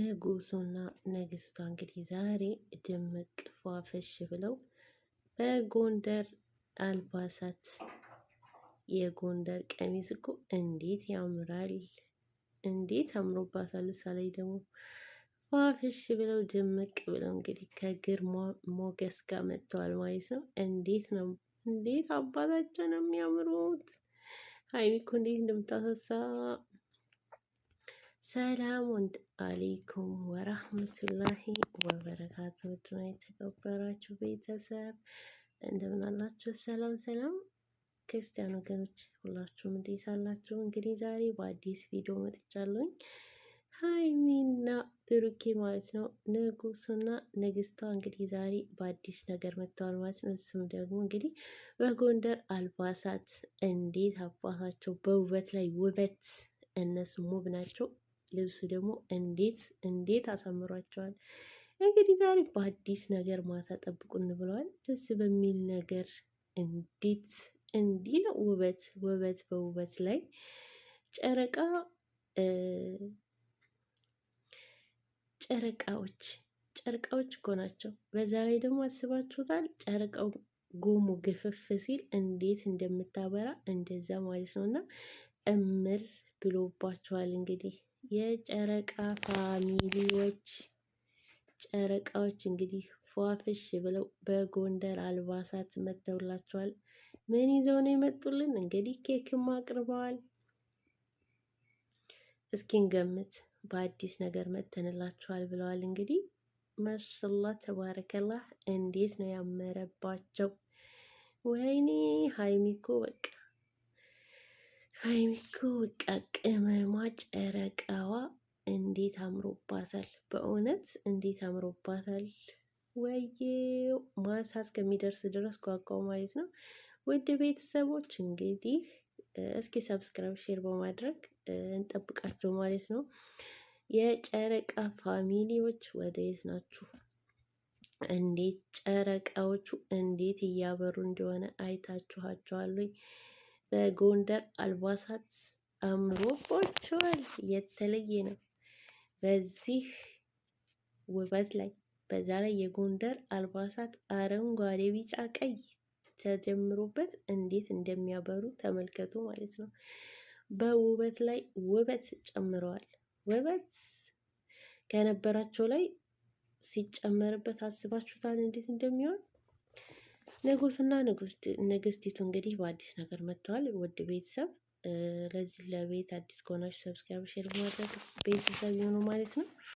ንጉሱና ንግስቷ እንግዲህ ዛሬ ድምቅ ፏፈሽ ብለው በጎንደር አልባሳት የጎንደር ቀሚስ እኮ እንዴት ያምራል! እንዴት አምሮባታል! እሷ ላይ ደግሞ ፏፈሽ ብለው ድምቅ ብለው እንግዲህ ከግርማ ሞገስ ጋር መጥተዋል ማለት ነው። እንዴት ነው እንዴት አባታቸው ነው የሚያምሩት! ሀይሚኮ እንዴት እንደምታሳሳ ሰላም ወንድ አሌይኩም ወራህመቱላሂ ወበረካቱ ድና የተከበራችሁ ቤተሰብ እንደምን ሰላም ሰላም፣ ክርስቲያን ወገኖች ሁላችሁም እንዴት አላችሁ? እንግዲህ ዛሬ በአዲስ ቪዲዮ መጥቻለሁኝ። ሀይሚና ብሩኬ ማለት ነው ንጉሱና ንግስቷ እንግዲህ ዛሬ በአዲስ ነገር መጥተዋል ማለት ነው። እሱም ደግሞ እንግዲህ በጎንደር አልባሳት። እንዴት አባታቸው በውበት ላይ ውበት! እነሱም ሙብ ናቸው። ልብሱ ደግሞ እንዴት እንዴት አሳምሯቸዋል። እንግዲህ ዛሬ በአዲስ ነገር ማታ ጠብቁን ብለዋል። ደስ በሚል ነገር እንዴት እንዲህ ነው ውበት ውበት በውበት ላይ ጨረቃ ጨረቃዎች ጨረቃዎች እኮ ናቸው። በዛ ላይ ደግሞ አስባችሁታል ጨረቃው ጎሙ ግፍፍ ሲል እንዴት እንደምታበራ እንደዛ ማለት ነው እና እምር ብሎባቸዋል እንግዲህ የጨረቃ ፋሚሊዎች ጨረቃዎች እንግዲህ ፏፍሽ ብለው በጎንደር አልባሳት መተውላቸዋል። ምን ይዘው ነው የመጡልን? እንግዲህ ኬክም አቅርበዋል። እስኪን ገምት በአዲስ ነገር መተንላቸዋል ብለዋል። እንግዲህ ማሻላ ተባረከላህ። እንዴት ነው ያመረባቸው! ወይኔ ሀይሚኮ በቃ ሀይሚኮ በቃ ቅመሟ ጨረቃዋ እንዴት አምሮባታል! በእውነት እንዴት አምሮባታል! ወዬ ማሳ እስከሚደርስ ድረስ ጓጓው ማለት ነው። ውድ ቤተሰቦች እንግዲህ እስኪ ሰብስክራይብ፣ ሼር በማድረግ እንጠብቃቸው ማለት ነው። የጨረቃ ፋሚሊዎች ወደየት ናችሁ? እንዴት ጨረቃዎቹ እንዴት እያበሩ እንደሆነ ወይ? በጎንደር አልባሳት አምሮባቸዋል። የተለየ ነው። በዚህ ውበት ላይ በዛ ላይ የጎንደር አልባሳት አረንጓዴ፣ ቢጫ፣ ቀይ ተጀምሮበት እንዴት እንደሚያበሩ ተመልከቱ ማለት ነው። በውበት ላይ ውበት ጨምረዋል። ውበት ከነበራቸው ላይ ሲጨመርበት አስባችሁታል እንዴት እንደሚሆን? ንጉስና ንግስቲቱ እንግዲህ በአዲስ ነገር መጥተዋል። ውድ ቤተሰብ ለዚህ ለቤት አዲስ ከሆናችሁ ሰብስክራይብ፣ ሼር በማድረግ ቤተሰብ ይሆኑ ማለት ነው።